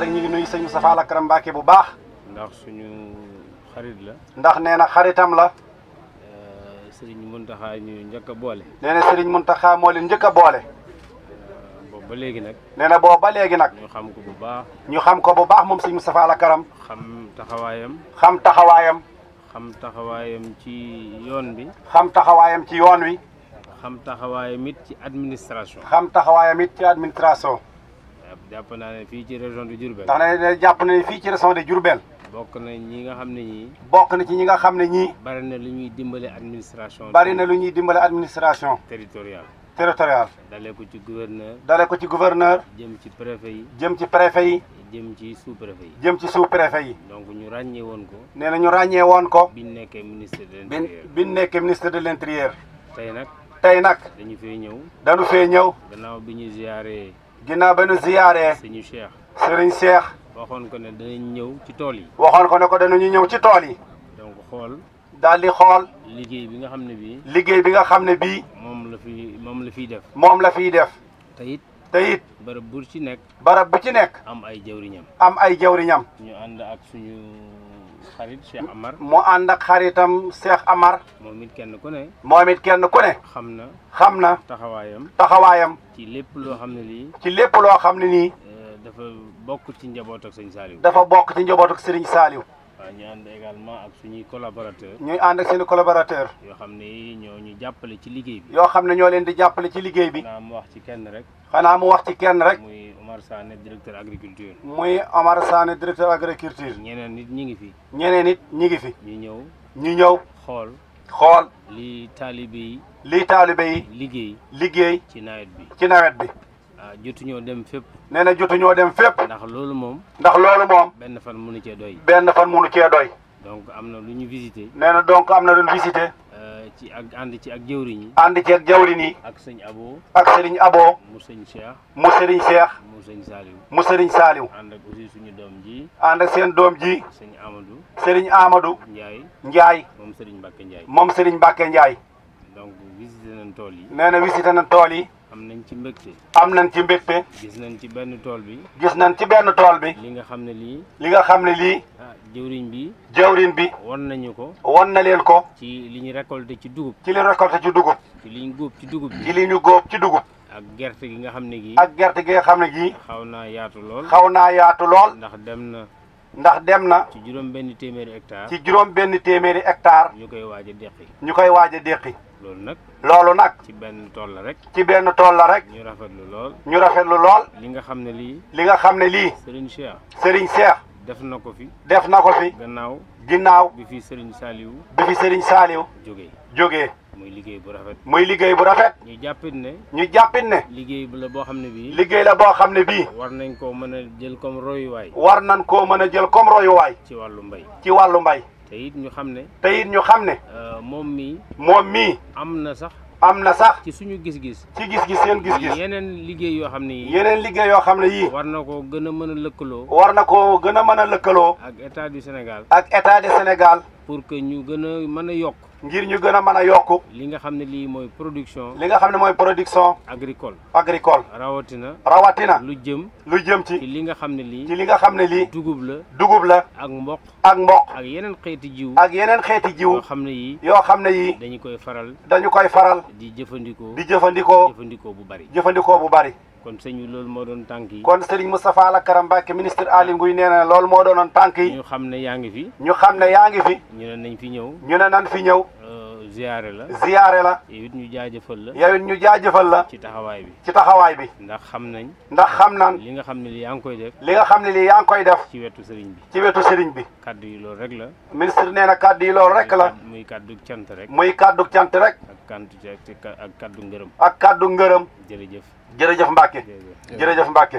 rek ñu ngi nuyu sëñ Moustapha bu baax. ndax suñu xarit la. ndax nee na xaritam la. Euh, Serigne Mountakha ñu njëkk a boole. nee na Serigne Mountakha moo leen njëkk a boole. Euh, boobu ba léegi nag. nee na boobu ba léegi nag. ñu xam ko bu baax. ñu xam ko bu baax moom sëñ Moustapha Lakaram. xam taxawaayam. xam taxawaayam. xam taxawaayam ci yoon bi. xam taxawaayam ci yoon wi. xam taxawaayam it ci administration. xam taxawaayam it ci administration. jàpp naa ne fii ci région de Diourbel. ci bokk na ñi nga xam ne ñi bokk na ci ñi nga xam ne ñii. bari na lu ñuy dimbale administration. bari na lu ñuy dimbale administration. territoriale. territoriale. dalee ko ci gouverneur. dalee ko ci gouverneur. jëm ci préfet yi. jëm ci préfet ci sous préfet yi. jëm ci sous préfet yi. donc ñu ràññee woon ko. nee na ñu ràññee woon ko. bi ñu nekkee ministre de l'intérieur. bi ñu nekkee ministre de l'intérieur. tey nag. tey nag. dañu fee ñëw. dañu fee ñëw. gannaaw bi ñu ziaree. ginnaaw ba nu ziyaaree. sëriñ Cheikh. sëriñ Cheikh. waxoon ko ne danañ ñëw ci tool yi. waxoon ko ne ko ñu ñëw ci tool yi. donc xool. daal di xool. liggéey bi nga xam ne bii. liggéey bi nga xam ne bii. moom la fi moom la fiy def. moom la fiy def. te it. te it bu ci nekk. barab bu ci nekk. am ay jawriñam. am ay jawriñam. ñu ànd ak suñu. xarit Cheikh Amar. mu ànd ak xaritam Cheikh Amar. moom it kenn ku ne. moom it kenn ku ne. xam na. xam na taxawaayam. taxawaayam. ci lépp loo xam ne lii. ci lépp loo xam ne nii. Eh, dafa bokk ci njaboot ak sëñ Saliou. dafa bokk ci njaboot sëriñ Saliou. waaw ñu ànd également ak suñuy collaborateur ñuy ànd ak seeni collaborateur yoo xam ne ñoo ñu jàppale ci liggéey bi. yoo xam ne ñoo leen di jàppale ci liggéey bi. xanaa mu wax ci kenn rek. ci kenn rek. Omar Sané directeur agriculture. muy Omar Sané directeur agriculture. ñeneen nit ñi ngi fi. ñeneen nit ñi ngi fi. ñu ñëw. ñu ñëw. xool. xool. li taalibe yi. li taalibe yi. liggéey. liggéey. ci nawet bi. ci nawet bi. ah jotuñoo dem fépp. nee na jotuñoo dem fépp. ndax loolu moom. ndax loolu moom. benn fan nu cee doy. benn fan munu cee doy. donc am na lu ñu visité. nee na am na lu ñu visité. ci ak ànd ci ak jëwriñ yi. ànd ci ak jëwriñ yi. ak sëñ Abo. ak sëriñ Abo. mu sëñ Cheikh. mu sëriñ Cheikh. mu sëñ Saliou. mu sëriñ Saliou. ak aussi suñu doom ji. ànd ak seen doom ji. sëñ Amadou. sëriñ Amadou. Ndiaye. Ndiaye. moom sëriñ Mbacke Ndiaye. moom sëriñ Mbacke Ndiaye. donc visité nañ tool yi. nee na visité nañ tool yi. am nañ ci mbégte. am nañ ci mbégte. gis nañ ci benn tool bi. gis nañ ci benn tool bi. li nga xam ne lii. li nga xam ne lii. ah jëwriñ bi. jëwriñ bi. won nañu ko. won na leen ko. ci li ñu récolté ci dugub. ci li récolté ci dugub. li ñu góob ci dugub ci li ñu góob ci dugub. ak gerte gi nga xam ne gii. ak gerte gi nga xam ne gii. xaw naa yaatu lool. xaw naa yaatu lool. ndax dem na. ndax dem na. ci juróom benn téeméeri hectare. ci juróom benn téeméeri hectare. ñu koy waaj a deqi. ñu koy waaj a deqi. loolu nag. loolu nag. ci benn tool la rek. ci benn tool la rek. ñu rafetlu lool. ñu rafetlu lool. li nga xam ne lii. li nga xam ne lii. Serigne Cheikh. Serigne Cheikh. def na ko fi. def na ko fi. gannaaw. ginnaaw bi fi Serigne Saliou. bi fi Serigne Saliou. jóge jógee. muy liggéey bu rafet. muy liggéey bu rafet. ñu jàppit ne. ñu jàppit ne. liggéey la boo xam ne bii. liggéey la boo xam ne bii. war nañ koo mën a jël comme royuwaay. war nañ koo mën a jël comme royuwaay. ci wàllu mbay. ci wàllu mbay. te it ñu xam ne. te it ñu xam ne. Euh, moom mii. moom mii. am na sax. am na sax. ci suñu gis-gis. ci gis-gis seen gis-gis. yeneen liggéey yoo xam ne yii. yeneen liggéey yoo xam ne yii. war na koo gën a mën a lëkkaloo. war na ko gën a mën a lëkkaloo. ak état du Sénégal. ak état du Sénégal. pour que ñu gën a mën a yokk. ngir ñu gën a mën a yokk. li nga xam ne lii mooy production. li nga xam ne mooy production. agricole agricole. rawatina. rawatina lu jëm. lu jëm ci. ci li nga xam ne lii. ci li nga xam ne lii. dugub la dugub la. ak mboq. ak mboq. ak yeneen xeeti jiw. ak yeneen xeeti jiw. yoo xam ne yii. yoo xam ne yi dañu koy faral. dañu koy faral. di jëfandikoo. di jëfandikoo. jëfandikoo bu bari. jëfandikoo bu bari. kon sëñ loolu moo doon tànk yi kon sëriñ Moustapha Lakram Mbacké ministre Aly Ngouille nee na loolu moo doonoon tànk yi ñu xam ne yaa ñu xam ne yaa ngi fi ñu nañ fi ñëw ñu ne nañ ñëw ziyaare la ziyaare la yow it ñu jaajëfal la yow ñu ñu jëfal la ci taxawaay bi ci taxawaay bi ndax xam nañ ndax xam nañ li nga xam ne li yaa ngi koy def li nga xam ne li yaa ngi koy def ci wetu sëriñ bi ci wetu sëriñ bi kaddu yi loolu rek la ministre nee na kaddu yi loolu rek la muy kaddu cant rek muy kaddu cant rek ak kaddu ak kaddu ngërëm ak kaddu ngërëm jërëjëf jërëjëf Mbacke jërëjëf Mbacke